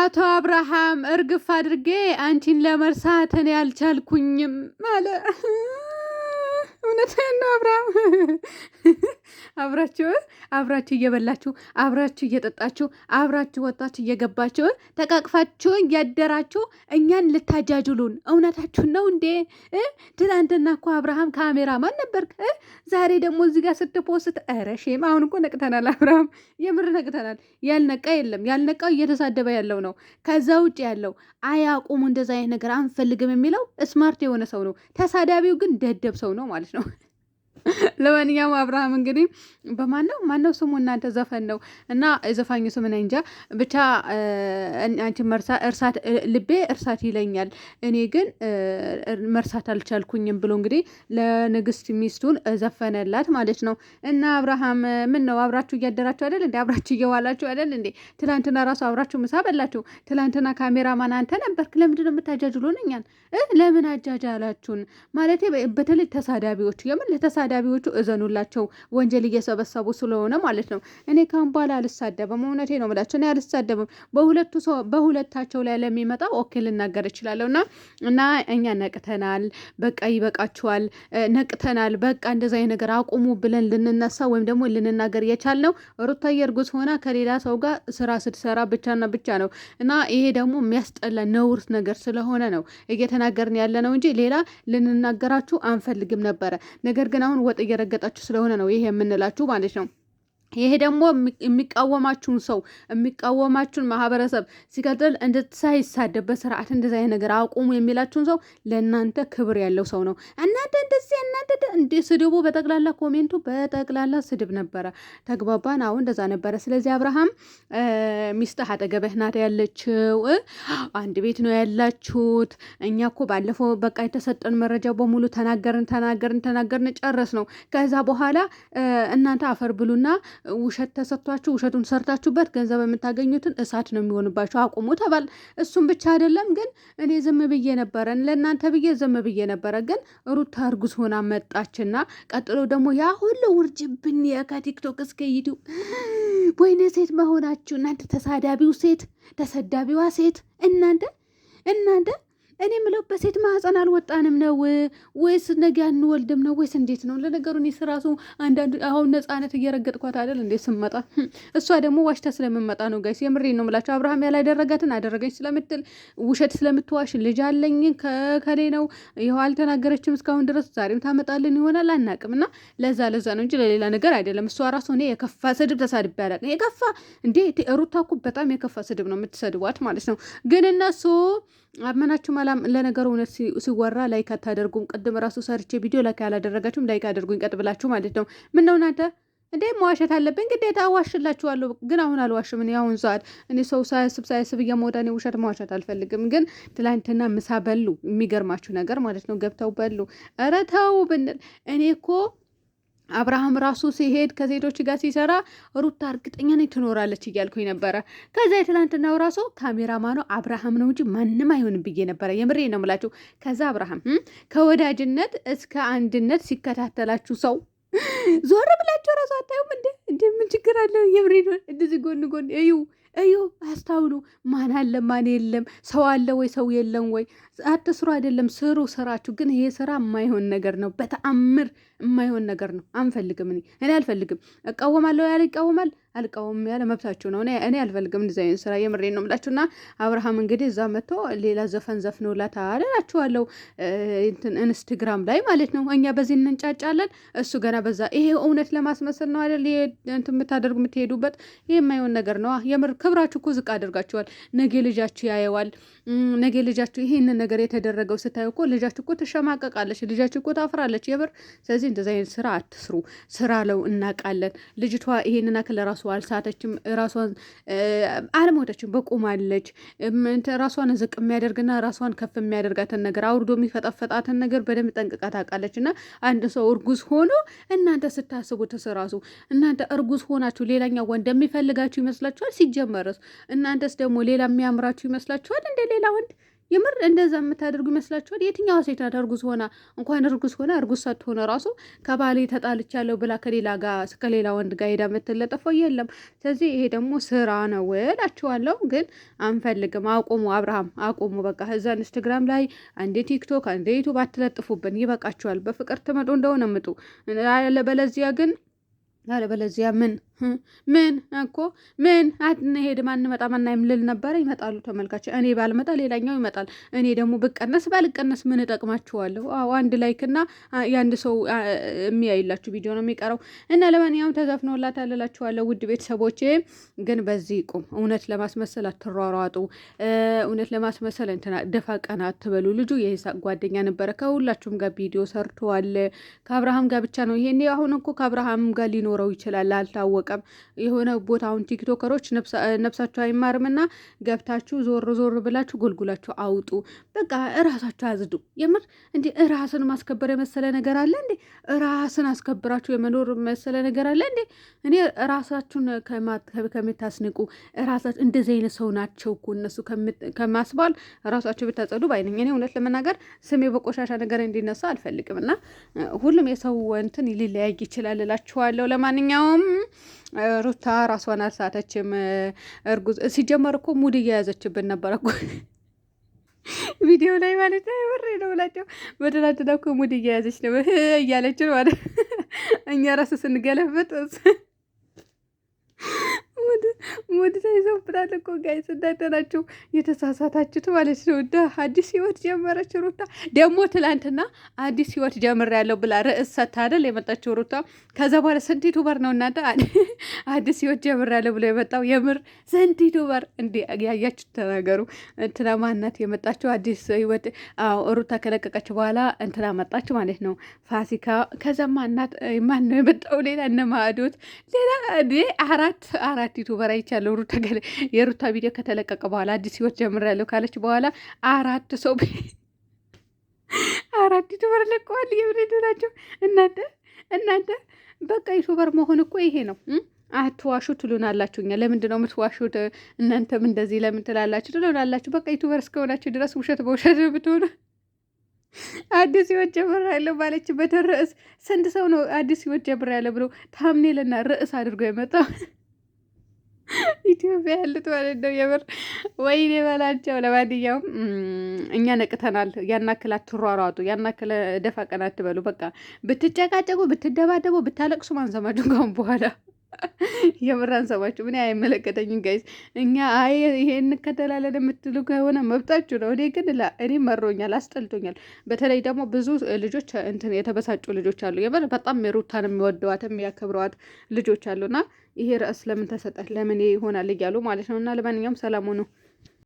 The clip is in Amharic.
አቶ አብርሃም እርግፍ አድርጌ አንቺን ለመርሳትን ያልቻልኩኝም አለ። እውነትህን ነው አብርሃም። አብራችሁ አብራችሁ እየበላችሁ አብራችሁ እየጠጣችሁ አብራችሁ ወጣችሁ እየገባችሁ ተቃቅፋችሁ እያደራችሁ እኛን ልታጃጅሉን እውነታችሁ ነው እንዴ? ትናንትና እኮ አብርሃም ማን ነበር? ዛሬ ደግሞ እዚህ ጋር ስትፖስት ኧረ አሁን እኮ ነቅተናል አብርሃም፣ የምር ነቅተናል። ያልነቃ የለም። ያልነቃው እየተሳደበ ያለው ነው። ከዛ ውጭ ያለው አያቁም እንደዛ አይነት ነገር አንፈልግም የሚለው ስማርት የሆነ ሰው ነው። ተሳዳቢው ግን ደደብ ሰው ነው ማለት ነው። know. ለማንኛውም አብርሃም እንግዲህ በማነው ማነው ስሙ እናንተ ዘፈን ነው እና ዘፋኙ ስም እኔ እንጃ ብቻ አንቺ እርሳት ልቤ እርሳት ይለኛል እኔ ግን መርሳት አልቻልኩኝም ብሎ እንግዲህ ለንግስት ሚስቱን ዘፈነላት ማለት ነው። እና አብርሃም ምን ነው አብራችሁ እያደራችሁ አይደል እንዴ? አብራችሁ እየዋላችሁ አይደል እንዴ? ትላንትና ራሱ አብራችሁ ምሳ በላችሁ። ትላንትና ካሜራማን አንተ ነበርክ። ለምንድን ነው የምታጃጅሉን? እኛን ለምን አጃጃላችሁን? ማለት በተለይ ተሳዳቢዎች የምን ለተሳዳ ተሳዳቢዎቹ እዘኑላቸው ወንጀል እየሰበሰቡ ስለሆነ ማለት ነው። እኔ ካሁን በኋላ አልሳደብም። እውነቴ ነው የምላቸው እኔ አልሳደብም። በሁለቱ ሰው በሁለታቸው ላይ ለሚመጣው ኦኬ ልናገር እችላለሁ እና እና እኛ ነቅተናል፣ በቃ ይበቃችኋል፣ ነቅተናል፣ በቃ እንደዛ ነገር አቁሙ ብለን ልንነሳ ወይም ደግሞ ልንናገር የቻልነው ሩታዬ እርጉዝ ሆና ከሌላ ሰው ጋር ስራ ስትሰራ ብቻና ብቻ ነው እና ይሄ ደግሞ የሚያስጠላ ነውር ነገር ስለሆነ ነው እየተናገርን ያለ ነው እንጂ ሌላ ልንናገራችሁ አንፈልግም ነበረ ነገር ግን አሁን ወጥ እየረገጣችሁ ስለሆነ ነው ይሄ የምንላችሁ ማለት ነው። ይሄ ደግሞ የሚቃወማችሁን ሰው የሚቃወማችሁን ማህበረሰብ ሲቀጥል እንድትሳይሳደብ በስርዓት እንደዚ አይነት ነገር አቁሙ የሚላችሁን ሰው ለእናንተ ክብር ያለው ሰው ነው። እናንተ እንደዚህ እናንተ እንደ ስድቡ በጠቅላላ ኮሜንቱ በጠቅላላ ስድብ ነበረ። ተግባባን? አሁን እንደዛ ነበረ። ስለዚህ አብርሃም ሚስትህ አጠገብህ ናት ያለችው፣ አንድ ቤት ነው ያላችሁት። እኛ እኮ ባለፈው በቃ የተሰጠን መረጃ በሙሉ ተናገርን ተናገርን ተናገርን ጨረስ ነው። ከዛ በኋላ እናንተ አፈር ብሉና ውሸት ተሰጥቷችሁ ውሸቱን ሰርታችሁበት ገንዘብ የምታገኙትን እሳት ነው የሚሆንባችሁ። አቁሙ ተባል። እሱም ብቻ አይደለም ግን እኔ ዝም ብዬ ነበረ፣ ለእናንተ ብዬ ዝም ብዬ ነበረ። ግን ሩታ እርጉዝ ሆና መጣችና ቀጥሎ ደግሞ ያ ሁሉ ውርጅብን ከቲክቶክ እስከ ዩቲዩብ ወይኔ ሴት መሆናችሁ እናንተ ተሳዳቢው ሴት ተሰዳቢዋ ሴት እናንተ እናንተ እኔ ምለው በሴት ማህፀን አልወጣንም ነው ወይስ ነገ አንወልድም ነው ወይስ እንዴት ነው? ለነገሩ እኔ እራሱ አንዳንዱ አሁን ነፃነት እየረገጥኳት አይደል እንዴ ስመጣ። እሷ ደግሞ ዋሽታ ስለምመጣ ነው ጋይስ፣ የምሬን ነው ምላቸው። አብርሃም ያላደረጋትን አደረገኝ ስለምትል ውሸት ስለምትዋሽ ልጅ አለኝ ከከሌ ነው ይኸው አልተናገረችም እስካሁን ድረስ ዛሬም ታመጣልን ይሆናል አናቅም። እና ለዛ ለዛ ነው እንጂ ለሌላ ነገር አይደለም። እሷ ራሱ እኔ የከፋ ስድብ ተሳድብ ያላቅ የከፋ እንዴ ሩታ እኮ በጣም የከፋ ስድብ ነው የምትሰድቧት ማለት ነው። ግን እነሱ አመናችሁ በኋላም ለነገሩ እውነት ሲወራ ላይክ አታደርጉም። ቅድም ራሱ ሰርቼ ቪዲዮ ላይክ ያላደረጋችሁም ላይክ አድርጉኝ ቀጥ ብላችሁ ማለት ነው። ምን ነው እናንተ እንዴ መዋሸት አለብኝ ግዴታ? አዋሽላችኋለሁ፣ ግን አሁን አልዋሽም። እኔ አሁን ሰዓት እኔ ሰው ሳያስብ ሳያስብ እየመወዳ እኔ ውሸት መዋሸት አልፈልግም። ግን ትላንትና ምሳ በሉ፣ የሚገርማችሁ ነገር ማለት ነው። ገብተው በሉ። ኧረ ተው ብንል እኔ እኮ አብርሃም ራሱ ሲሄድ ከሴቶች ጋር ሲሰራ ሩታ እርግጠኛ ነኝ ትኖራለች እያልኩኝ ነበረ። ከዛ የትላንትናው ራሱ ካሜራማኑ አብርሃም ነው እንጂ ማንም አይሆንም ብዬ ነበረ። የምሬ ነው ምላችሁ። ከዛ አብርሃም ከወዳጅነት እስከ አንድነት ሲከታተላችሁ ሰው ዞር ብላችሁ ራሱ አታዩም እንዴ? እንዴ ምን ችግር አለው? የምሬ ነው። እንደዚህ ጎን ጎን እዩ እዩ፣ አስታውሉ። ማን አለ ማን የለም፣ ሰው አለ ወይ ሰው የለም ወይ። አትስሩ፣ አይደለም ስሩ፣ ስራችሁ ግን ይሄ ስራ የማይሆን ነገር ነው በተአምር የማይሆን ነገር ነው። አንፈልግም። እኔ እኔ አልፈልግም። እቃወማለሁ ያለ ይቃወማል፣ አልቃወም ያለ መብታችሁ ነው። እኔ አልፈልግም እንደዚህ አይነት ስራ። የምሬ ነው የምላችሁ። እና አብርሃም እንግዲህ እዛ መጥቶ ሌላ ዘፈን ዘፍኖ ዘፍኖላታል እላችኋለሁ፣ ኢንስትግራም ላይ ማለት ነው። እኛ በዚህ እንንጫጫለን፣ እሱ ገና በዛ። ይሄ እውነት ለማስመሰል ነው አይደል? እንትን የምታደርጉ የምትሄዱበት፣ ይሄ የማይሆን ነገር ነው። የምር ክብራችሁ እኮ ዝቅ አድርጋችኋል። ነገ ልጃችሁ ያየዋል። ነገ ልጃችሁ ይሄንን ነገር የተደረገው ስታዩ እኮ ልጃችሁ እኮ ትሸማቀቃለች፣ ልጃችሁ እኮ ታፍራለች። የምር ስለዚህ እንደዚ አይነት ስራ አትስሩ። ስራ ለው እናውቃለን። ልጅቷ ይሄንን አክል ራሱ አልሳተችም። ራሷን አልሞተችም፣ በቁማለች። ራሷን ዝቅ የሚያደርግና ራሷን ከፍ የሚያደርጋትን ነገር አውርዶ የሚፈጣፈጣትን ነገር በደንብ ጠንቅቃ ታውቃለች። እና አንድ ሰው እርጉዝ ሆኖ እናንተ ስታስቡት እራሱ እናንተ እርጉዝ ሆናችሁ ሌላኛው ወንድ የሚፈልጋችሁ ይመስላችኋል? ሲጀመረስ እናንተስ ደግሞ ሌላ የሚያምራችሁ ይመስላችኋል? እንደ ሌላ ወንድ የምር እንደዛ የምታደርጉ ይመስላችኋል? የትኛው ሴት ናት እርጉዝ ሆና እንኳን እርጉዝ ሆና እርጉዝ ሳትሆን ራሱ ከባሌ ተጣልቻለሁ ብላ ከሌላ ጋር ከሌላ ወንድ ጋር ሄዳ የምትለጠፈው የለም። ስለዚህ ይሄ ደግሞ ስራ ነው እላችኋለሁ። ግን አንፈልግም። አቁሙ፣ አብርሃም አቁሙ። በቃ እዛ ኢንስትግራም ላይ አንዴ ቲክቶክ፣ አንዴ ዩቱብ አትለጥፉብን። ይበቃችኋል። በፍቅር ትመጡ እንደሆነ ምጡ። አለበለዚያ ግን አለበለዚያ ምን ምን እኮ ምን ማን መጣ ማናይም ልል ነበረ። ይመጣሉ ተመልካች። እኔ ባልመጣ ሌላኛው ይመጣል። እኔ ደግሞ ብቀነስ ባልቀነስ ምን እጠቅማችኋለሁ? አዎ አንድ ላይክና የአንድ ሰው የሚያይላችሁ ቪዲዮ ነው የሚቀረው እና ለማንኛውም ተዘፍኖላት ያለላችኋለሁ ውድ ቤተሰቦቼ። ግን በዚህ ቁም እውነት ለማስመሰል አትሯሯጡ። እውነት ለማስመሰል እንትና ደፋ ቀና አትበሉ። ልጁ የሂሳቅ ጓደኛ ነበረ። ከሁላችሁም ጋር ቪዲዮ ሰርተዋል። ከአብርሃም ጋር ብቻ ነው ይሄኔ። አሁን እኮ ከአብርሃም ጋር ሊኖረው ይችላል አልታወቀ አይታወቀም። የሆነ ቦታውን ቲክቶከሮች ነፍሳቸው አይማርምና ገብታችሁ ዞር ዞር ብላችሁ ጎልጉላችሁ አውጡ። በቃ እራሳችሁ አዝዱ። የምር እንዲ ራስን ማስከበር የመሰለ ነገር አለ እንዴ? ራስን አስከብራችሁ የመኖር መሰለ ነገር አለ እንዴ? እኔ ራሳችሁን ከምታስንቁ ራሳችሁ እንደዚህ አይነት ሰው ናቸው እኮ እነሱ ከማስባል ራሳችሁ ብታጸዱ ባይነኝ። እኔ እውነት ለመናገር ስሜ በቆሻሻ ነገር እንዲነሳ አልፈልግም እና ሁሉም የሰው እንትን ሊለያይ ይችላል እላችኋለሁ። ለማንኛውም ሩታ ራሷን አልሳተችም። እርጉዝ ሲጀመር እኮ ሙድ እየያዘችብን ነበረ እኮ ቪዲዮ ላይ ማለት ነው። የወሬ ነው ብላቸው በደላትና እኮ ሙድ እየያዘች ነው እያለችን ማለት እኛ ራስ ስንገለፍጥ ሙድ ተይዞብናል እኮ ጋይስ፣ እንዳደናችሁ የተሳሳታችሁት ማለት ነው። እንደ አዲስ ህይወት ጀመረች ሩታ። ደግሞ ትላንትና አዲስ ህይወት ጀምር ያለው ብላ ርዕስ ሰታ አይደል የመጣችው ሩታ። ከዛ በኋላ ስንት ዩቱበር ነው እናንተ አዲስ ህይወት ጀምር ያለው ብሎ የመጣው? የምር ስንት ዩቱበር እንዲ ያያችሁ ተናገሩ። እንትና ማናት የመጣችው አዲስ ህይወት? ሩታ ከለቀቀች በኋላ እንትና መጣች ማለት ነው ፋሲካ። ከዛ ማናት ማን ነው የመጣው? ሌላ እነ ማዕዶት ሌላ አራት አራት ዩቱበር አይቻለሁ። የሩታ ቪዲዮ ከተለቀቀ በኋላ አዲስ ህይወት ጀምሬያለሁ ካለች በኋላ አራት ሰው አራት ዩቱበር ለቀዋል። የምሬድ ናቸው እናንተ እናንተ በቃ ዩቱበር መሆን እኮ ይሄ ነው። አትዋሹ ትሉናላችሁ። እኛ ለምንድን ነው የምትዋሹት? እናንተም እንደዚህ ለምን ትላላችሁ? ትሉናላችሁ። በቃ ዩቱበር እስከሆናችሁ ድረስ ውሸት በውሸት ብትሆኑ አዲስ ህይወት ጀምሬያለሁ ባለችበት ርዕስ ስንት ሰው ነው አዲስ ህይወት ጀምሬያለሁ ብሎ ታምኔልና ርዕስ አድርጎ የመጣው? ኢትዮጵያ ያሉት ማለት ነው። የምር ወይኔ በላቸው። ለማንኛውም እኛ ነቅተናል። ያናክል አትሯሯጡ፣ ያናክል ደፋ ቀና አትበሉ። በቃ ብትጨቃጨቁ፣ ብትደባደቡ፣ ብታለቅሱ ማንሰማችሁ ካሁን በኋላ የምራን ሰባችሁ ምን አይመለከተኝም ጋይስ። እኛ አይ ይሄ እንከተላለን የምትሉ ከሆነ መብጣችሁ ነው። እኔ ግን እኔ መሮኛል፣ አስጠልቶኛል። በተለይ ደግሞ ብዙ ልጆች እንትን የተበሳጩ ልጆች አሉ። የምር በጣም የሩታን የሚወደዋት የሚያከብረዋት ልጆች አሉና ይሄ ርዕስ ለምን ተሰጠ ለምን ይሆናል እያሉ ማለት ነው። እና ለማንኛውም ሰላሙ ነው።